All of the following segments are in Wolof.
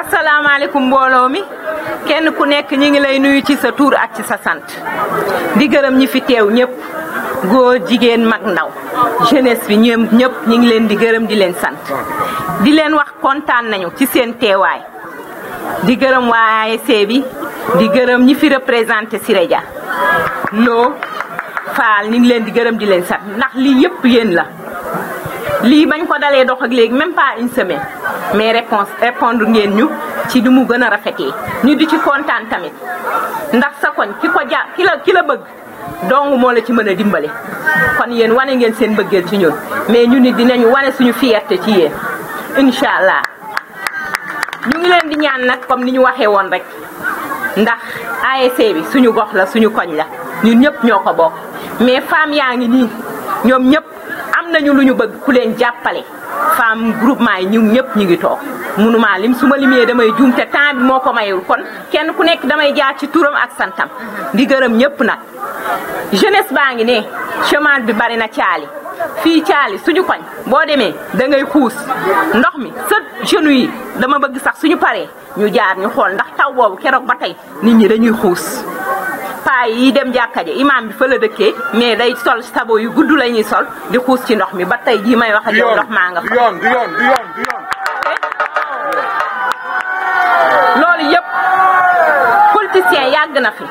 asalaamaaleykum mbooloo mi kenn ku nekk ñi ngi lay nuyu ci sa tuur ak ci sa sant di gërëm ñi fi teew ñëpp góor jigéen mag ndaw jeunesse bi ñoom ñëpp ñi ngi leen di gërëm di leen sant di leen wax kontaan nañu ci seen teewaay di gërëm waa ASC bi di gërëm ñi fi représenté Siré Dia loo faal ñi ngi leen di gërëm di leen sant ndax lii yëpp yéen la lii bañ ko dalee dox ak léegi même pas une semaine mais réponse répondre ngeen ñu ci di mu gën a rafetee ñu di ci kontaan tamit ndax sa koñ ki ko ja ki la ki la bëgg dong moo la ci mën a dimbale kon yéen wane ngeen seen bëggeel ci ñun mais ñu ni dinañu wane suñu fierté ci yéen incha allah ñu ngi leen di ñaan nag comme ni ñu waxee woon rek ndax ASC bi suñu gox la suñu koñ la ñun ñëpp ñoo ko bokk mais femme yaa ngi nii ñoom ñëpp am nañu lu ñu bëgg ku leen jàppale femme groupement yi ñu ñëpp ñu ngi toog munumaa lim su ma limee damay juum temps bi moo ko mayul kon kenn ku nekk damay jaar ci turam ak santam di gërëm ñëpp nag jeunesse baa ngi ne chemin bi bari na caali fii caali suñu koñ boo demee da ngay xuus ndox mi sa jeunes yi dama bëgg sax suñu paree ñu jaar ñu xool ndax taw boobu keroog ba tey nit ñi dañuy xuus gaay yi dem jàkka ja imaam bi fa la dëkkee mais day sol sabo yu gudd la ñuy sol di xuus ci ndox mi ba tey jii may wax ak yow ndox maa nga fa yoon du yoon loolu yëpp politicien yàgg na fi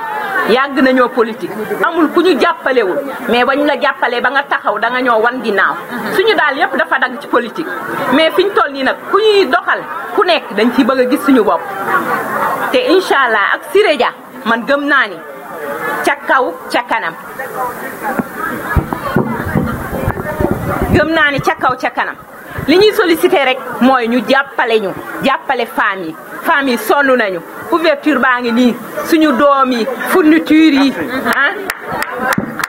yàgg nañoo politique amul ku ñu jàppalewul mais ba ñu la jàppalee ba nga taxaw da nga ñoo wan ginnaaw suñu daal yëpp dafa dagg ci politique mais fi ñu toll nii nag ku ñuy doxal ku nekk dañ ciy bëgg a gis suñu bopp te incha allah ak Siré Dia man gëm naa ni ca kaw ca kanam gëm naa ni ca kaw ca kanam li ñuy sollicité rek mooy ñu jàppale ñu jàppale femmes yi femmes sonn nañu couverture baa ngi nii suñu doom yi fourniture yi ah.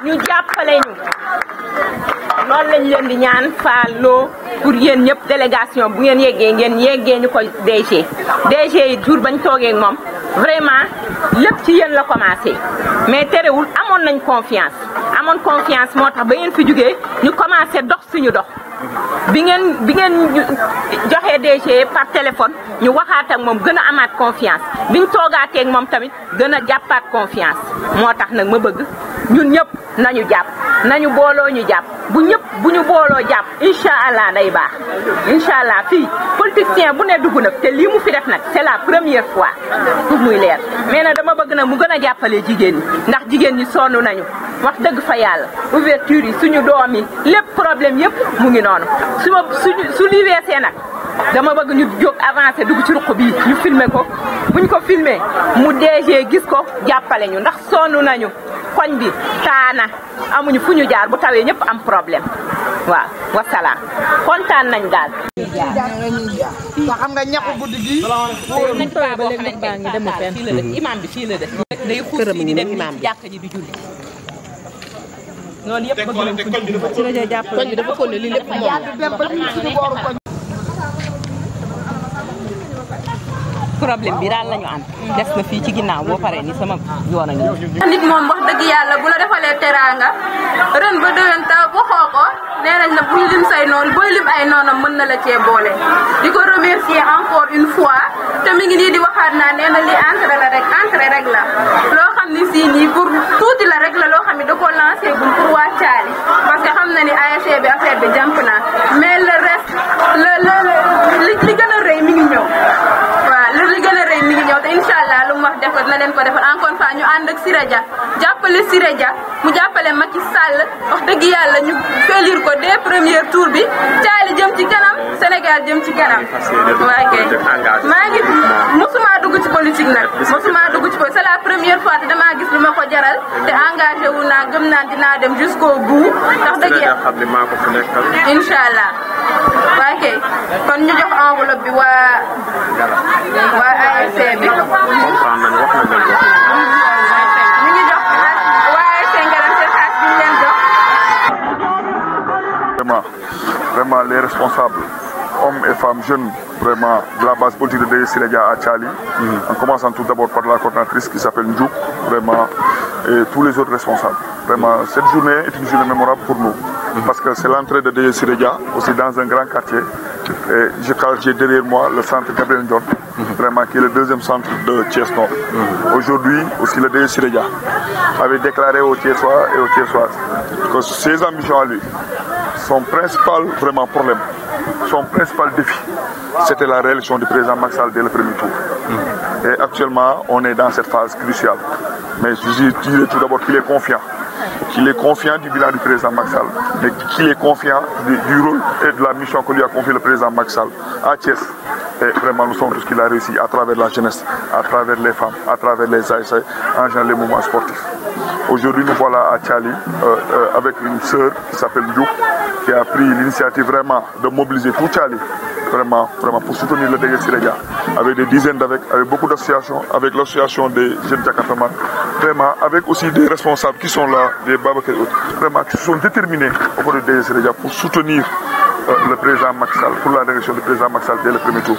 ñu jàppale ñu loolu lañ leen di ñaan faaloo pour yéen ñëpp délégation bu ngeen yeggee ngeen yeggee ñu ko DG DG yi jur bañ toogee moom vraiment lépp ci yéen la commencé mais terewul amoon nañ confiance amoon confiance moo tax ba ngeen fi jógee ñu commencé dox suñu dox bi ngeen bi ngeen DG par téléphone ñu waxaat moom gën a amaat confiance biñ toogaatee ak moom tamit gën a jàppaat confiance moo tax nag ma bëgg ñun ñëpp nañu jàpp nañu booloo ñu jàpp bu ñëpp bu ñu booloo jàpp incha allah day baax incha allah fii politicien bu ne dugg nag te lii mu fi def nag c'est la première fois pour muy leer mais nag dama bëgg nag mu gën a jàppale jigéen ñi ndax jigéen ñi sonn nañu wax dëgg fa yàlla ouverture yi suñu doom yi lépp problème yëpp mu ngi noonu su su su li nag dama bëgg ñu jóg avancé dugg ci ruq bii ñu filmer ko buñ ko filmer mu DG gis ko jàppale ñu ndax sonn nañu koñ bi taana amuñu fu ñu jaar bu tawee ñëpp am problème waaw wasalaam kontaan nañ daal. waaw xam nga ñàkk guddi gi. nañ paa boo xamante ne paa paa fii la def imaam bi fii la def. day xuus fii di dem jàkka ji di julli. loolu ci la jàppale. koñ bi dafa koñ lii lépp moom la. problème bi dal la ñu am des na fi ci ginnaw bo paré ni sama yoon a nit mom wax deug yalla bu la defalé teranga reun ba déwén ta bu xoko nenañ na lim say non boy lim ay nonam mën na la ci bolé di remercier encore une fois té mi ngi ni di waxat na nee li entrée la rek entrée rek la xamni si ni pour touti la rek la lo xamni ni lancer bu pour wa caali parce que xamna ni ASC e bi affaire bi jamp na mais le reste le le leen ko defal encore une ñu ànd ak Siré Dia jàppale Siré Dia mu jàppale Macky Sall wax dëgg yàlla ñu félir ko dès premier tour bi caali jëm ci kanam Sénégal jëm ci kanam. maa ngi mosuma dugg ci politique nag mosuma dugg ci politique c'est la première fois te damaa gis lu ma ko jaral te engagé wu naa gëm naa dinaa dem jusqu'au bout ndax dëgg yàlla incha allah waaw kay kon ñu jox enveloppe bi waa waa ASC bi. vraiment les responsables hommes et femmes jeunes vraiment de la base politique de Deye à Tchali. Mhm. En commençant tout d'abord par la coordinatrice qui s'appelle Ndjouk, vraiment, et tous les autres responsables. Vraiment, mhm. cette journée est une journée mémorable pour nous, mhm. parce que c'est l'entrée de Deye aussi dans un grand quartier. Et je j'ai derrière moi le centre Gabriel Njord, vraiment qui est le deuxième centre de Thiès Nord. Aujourd'hui, aussi le Deye avait déclaré au Thiessois et au Thiessois que ses ambitions à lui, son principal vraiment problème, son principal défi, c'était la réélection du président Maxal dès le premier tour. Hmm. Et actuellement, on est dans cette phase cruciale. Mais je dirais tout d'abord qu'il est confiant. Qu'il est confiant du bilan du président Maxal, mais qu'il est confiant du, rôle et de la mission que lui a confié le président Maxal à Thiès. Et vraiment, nous sommes tous ce qu'il a réussi à travers la jeunesse, à travers les femmes, à travers les ASA, en général les mouvements sportifs. Aujourd'hui, nous voilà à Tchali euh, euh, avec une sœur qui s'appelle Diouk, qui a pris l'initiative vraiment de mobiliser tout Tchali, vraiment, vraiment pour soutenir le DG avec des dizaines d'avec, avec beaucoup d'associations, avec l'association des jeunes Jakartaman, vraiment avec aussi des responsables qui sont là, des autres, vraiment qui sont déterminés au du pour soutenir euh, le président Maxal, pour la direction du président Maxal dès le premier tour.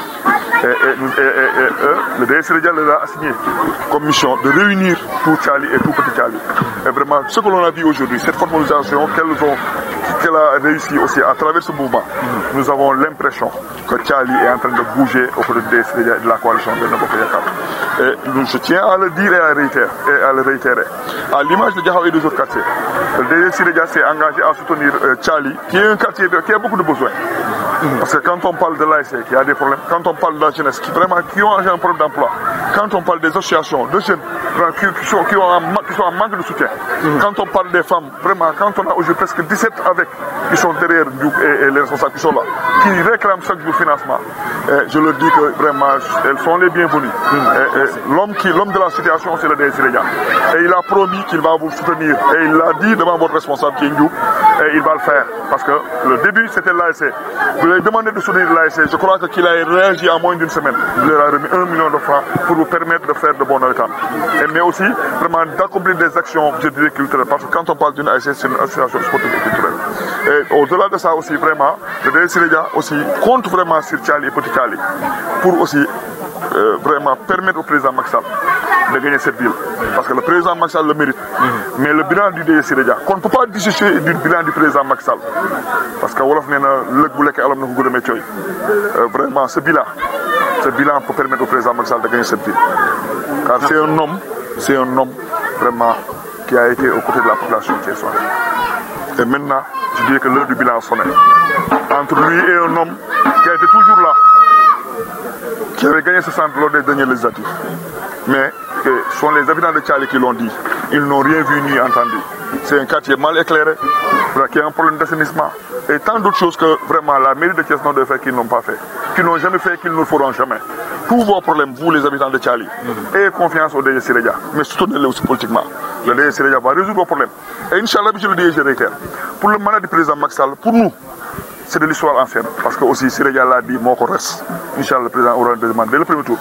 Et, euh, le DSR a signé comme mission de réunir tout Tchali et tout Petit Tchali. Et vraiment, ce que l'on a vu aujourd'hui, cette formalisation qu'elles ont qu'elle a réussi aussi à travers ce mouvement, nous avons l'impression que Tchali est en train de bouger auprès de, de la coalition de Nabokayakar. Et je tiens à le dire et à, le réitérer. À l'image de Djahou et des autres quartiers, le DSR s'est engagé à soutenir euh, Tchali, qui est un quartier qui a beaucoup de besoins. Parce que quand on parle de il y a des problèmes, quand on parle de la jeunesse qui, vraiment, qui ont un problème d'emploi, quand on parle des associations de jeunes qui, sont, en manque de soutien, mhm. quand on parle des femmes, vraiment, quand on a aujourd'hui presque 17 avec qui sont derrière et, et, les responsables qui sont là, qui réclament chaque jour financement, je leur dis que vraiment, elles sont les bienvenues. Mhm. L'homme l'homme de la situation, c'est le gars. Et il a promis qu'il va vous soutenir. Et il l'a dit devant votre responsable qui et il va le faire. Parce que le début, c'était l'ASC. Vous lui avez demandé de soutenir l'ASC. Je crois qu'il a réagi en moins d'une semaine. Il leur a remis un million de francs pour permettre de faire de bons résultats. mais aussi vraiment d'accomplir des actions, je dirais, culturelles. Parce que quand on parle d'une c'est une association sportive et culturelle. Et au-delà de ça aussi, vraiment, le DSIREDIA aussi compte vraiment sur Tchali et Petit Tchali pour aussi euh, vraiment permettre au président Maxal de gagner cette ville. Parce que le président Maxal le mérite. Mhm. Mais le bilan du DSC qu'on ne peut pas dissocier du bilan du président Maxal. Parce que Wolof n'est pas le boulet qui a euh, Vraiment, ce bilan, ce bilan pour permettre au président Macky de gagner cette ville. Car c'est un homme, c'est un homme vraiment qui a été aux côtés de la population thiessoise. Et maintenant, je dirais que l'heure du bilan sonnait. Entre lui et un homme qui a été toujours là, qui avait gagné ce centre lors des derniers législatives. Mais ce sont les habitants de Tchali qui l'ont dit. Ils n'ont rien vu ni entendu. C'est un quartier mal éclairé, qui a un problème d'assainissement et tant d'autres choses que vraiment la mairie de Thiès de fait qu'ils n'ont pas fait qui n'ont jamais fait et qu'ils ne le feront jamais. Tous vos problèmes, vous les habitants de Tchali, mhm. ayez confiance au DG Sireja, mais soutenez-le aussi politiquement. Le DG Sireja va résoudre vos problèmes. Et Inch'Allah, je le dis je réitère, pour le mandat du président Maxal, pour nous, c'est de l'histoire ancienne. Parce que aussi, Sireja l'a dit, mon reste. Inch'Allah, le président aura le dès le premier tour.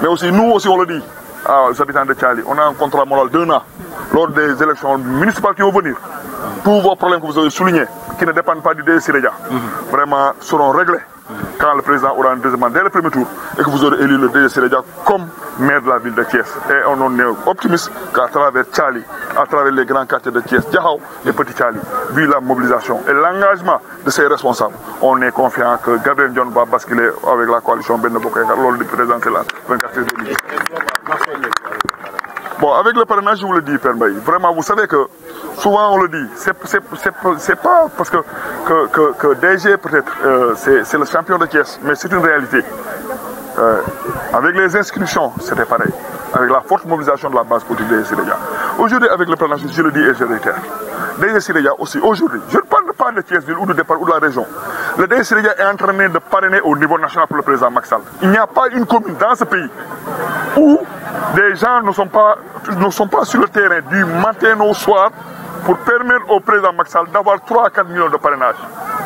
Mais aussi, nous aussi, on le dit aux habitants de Tchali, on a un contrat moral d'un an lors des élections municipales qui vont venir. Tous vos problèmes que vous avez soulignés, qui ne dépendent pas du DG mhm. vraiment seront réglés quand le président aura un deuxième mandat dès le premier tour et que vous aurez élu le DG comme maire de la ville de Thiès. Et on en est optimiste qu'à travers Tchali, à travers les grands quartiers de Thiès, Diahao les petits Tchali, vu la mobilisation et l'engagement de ses responsables, on est confiant que Gabriel John va basculer avec la coalition Ben lors du président de la 24 Bon, avec le parrainage, je vous le dis, Père vraiment, vous savez que souvent on le dit, c'est pas parce que que, que, que DG peut-être, euh, c'est le champion de caisse, mais c'est une réalité. Euh, avec les inscriptions, c'était pareil. Avec la forte mobilisation de la base politique DG Sénégal. Aujourd'hui, avec le plan national, je le dis et je le réitère. DG Sénégal aussi, aujourd'hui, je ne parle pas de thiès ou de départ ou de la région. Le DG Sénégal est en train de parrainer au niveau national pour le président Maxal. Il n'y a pas une commune dans ce pays où des gens ne sont pas, ne sont pas sur le terrain du matin au soir pour permettre au président Maxal d'avoir 3 à 4 millions de parrainages.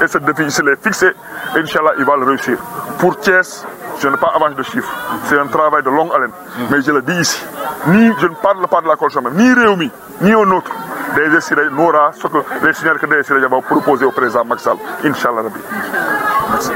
Et ce défi, il est fixé. Inch'Allah, il va le réussir. Pour Thiès, je n'ai pas avance de chiffres. C'est un travail de longue haleine. Mais je le dis ici. Ni je ne parle pas de l'accord coalition ni Réumi, ni un autre. Des Nora, ce que les signaux que des vont proposer au président Maxal. Inch'Allah Rabbi. Merci.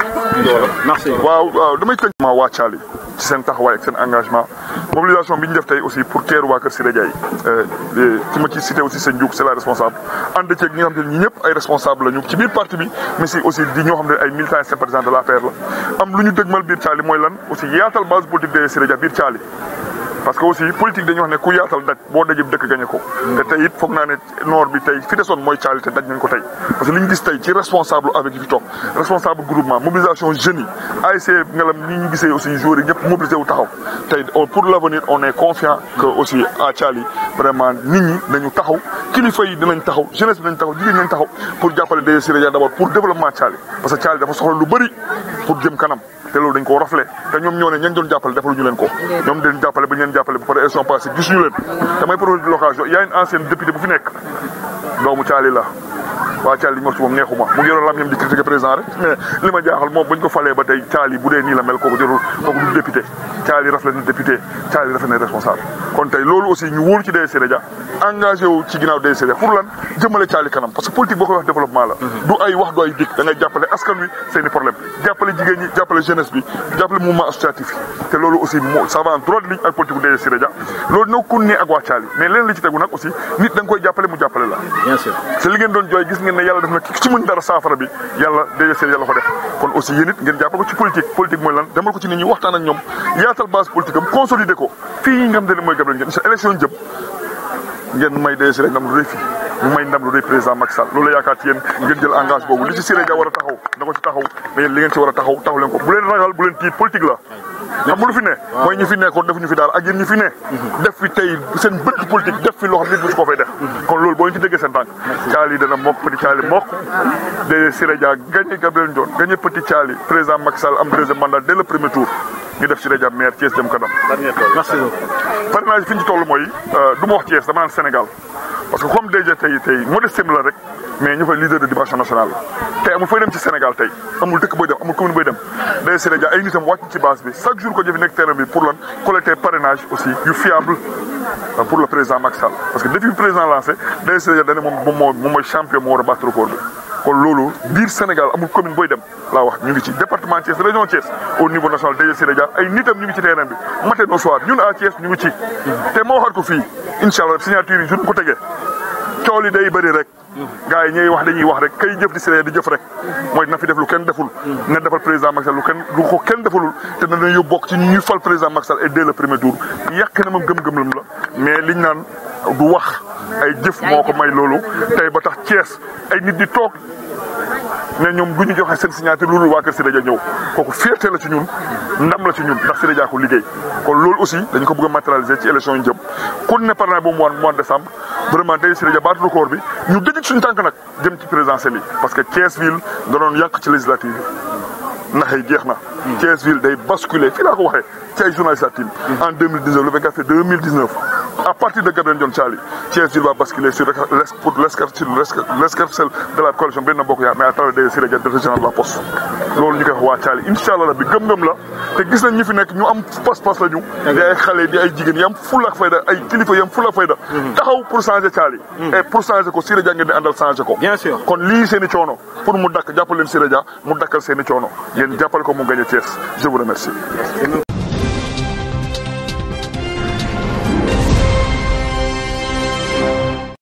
merci waaw waaw damay tënk ma waa Thialy ci seen taxawaay ak seen engagement mobilisation bi ñu def tey aussi pour teeru waa kër Siré Dia euh, ki ma ci cité aussi seen la responsable ànd ceeg ñi ne ñi ñëpp ay responsable la ci biir parti bi mais si aussi di ñoo xam ne ay militants et sympathisants de l'APR la am lu ñu dëgmal biir Thialy mooy lan aussi yaatal base politique de si Dia biir Thialy parce que aussi politique dañuy wax ne ku yaatal daj boo dajib dëkk gañe ko te tey it foog naa ne noor bi tey fi desoon mooy caali te daj nañ ko tey parce que li tey ci responsable avec fi toog responsable groupement mobilisation jeunes yi ASC ngalam ni ñu gisee aussi joueurs yi ñëpp taxaw tey pour l'avenir on est confiant que aussi à Thiali vraiment nit ñi dañu taxaw kilifa yi dinañ taxaw jeunesse bi dinañ taxaw jigéen dinañ taxaw pour jàppale DG Siré Dia d'abord pour développement te loolu dañ ko raflé te ñoom ñoo ne ñañ doon jàppale defalu ñu leen ko ñoom dañ jàppale ba ñu leen jàppale ba pare élection passée gisuñu leen damay profité de l'occasion y a une ancienne députée bu fi nekk doomu caali la waaw Thialy li ñu wax ci moom neexuma aussi ñu wóolu koy mhm. jàppale askan jàppale jigéen ñi jàppale jeunesse bi jàppale mouvement nga ngeen ne yàlla def na ki ci mën dara saafara bi yàlla day seen yàlla ko kon aussi yéen ngeen jàppal ko ci politique politique mooy lan demal ko ci nit ñi waxtaan ñoom yaatal base politique am consolider ko fii nga xam ne mooy Gabriel ngeen sa élection jëm ngeen may day seen ndam lu rëy may ndam lu rëy président Macky loolu la yaakaar ci ngeen jël engagement boobu li ci Siré Dia war a ko ci taxaw leen ko bu ragal bu xam nga lu fi ne mooy ñu fi nekkoon defuñu fi daal ak yéen ñu fi ne mhm. def fi tey seen bëgg politique def fi loo xam nit musu ko fay mhm. kon loolu boo ñu ci déggee seen tànk caali dana mokk petit caali mokk de Siré Dia gagné Gabriel Ndione gagné petit caali président Macky Sall am deuxième mandat dès le premier tour ñu def ci rajo maire Thiès dem kanam. merci beaucoup parrainage fi ñu toll mooy euh, du wax Thiès dama naan Sénégal parce que comme déjà tey tey modeste la rek mais ñu fa leader de dimension nationale tey amul fooy dem ci Sénégal tey amul dëkk booy dem amul commune booy dem day si rajo ay nitam wàcc ci base bi chaque jour ko jëfi nekk terrain bi pour lan collecter parrainage aussi yu fiable euh, pour le président Macky parce que depuis président lancé day si rajo kon loolu biir Sénégal amul commune booy dem laa wax ñu ngi ci département Thiès région Thiès au niveau national DG Siré Dia ay nitam ñu ngi ci terrain bi matin au ñun à Thiès ñu ngi ci. te ma a ko fii incha allah signature yi suñ ko tegee cool yi day bëri rek gars yi ñuy wax dañuy wax rek kay jëf di siree di jëf rek mooy na fi def lu kenn deful na defal président Macky lu kenn lu kenn defalul te na dañu bokk ci ñuy fal président Macky Sall et dès le premier tour yàq na moom gëm-gëm la mais liñ naan du wax ay jëf moo ko may loolu tey ba tax Thiès ay nit di toog ne ñoom du ñu joxe seen lu loolu waa kër Siré Dia ñëw kooku fierté la ci ñun ndam la ci ñun ndax Siré Dia liggéey kon loolu aussi dañ ko bëgg a matérialiser ci élection yi jëm ku ne mois mois décembre vraiment Ndeye Siré Dia baatu record bi ñu dëgg suñu tànk nag jëm ci présidentielle parce que Thiès ville da doon yàq ci législative nax yi jeex na. Hmm. Thiès ville day basculer fii laa ko waxee ci ay journaliste hmm. en 2019 le 24 2019 à partir de Gabriel Ndione Thialy Thiès ville va basculer sur pour de la coalition Benno Bokk mais à travers Ndeye Siré de la poste. loolu ñu koy wax waa Thialy incha rabbi gëm-gëm te gis nañ ñi fi nekk ñu am pas-pas la ñu ay xale di ay jigéen yi fulla fayda ay kilifa yi am fulla ak fayda mhm. taxaw pour changer Thialy mhm. et pour changer ko Siré Dia ngeen di àndal changer ko bien sûr kon lii seen i coono pour mu dakk jàppal leen Siré Dia mu dakkal seen i coono yéen jàppal ko mu gagné Thiès je vous remercie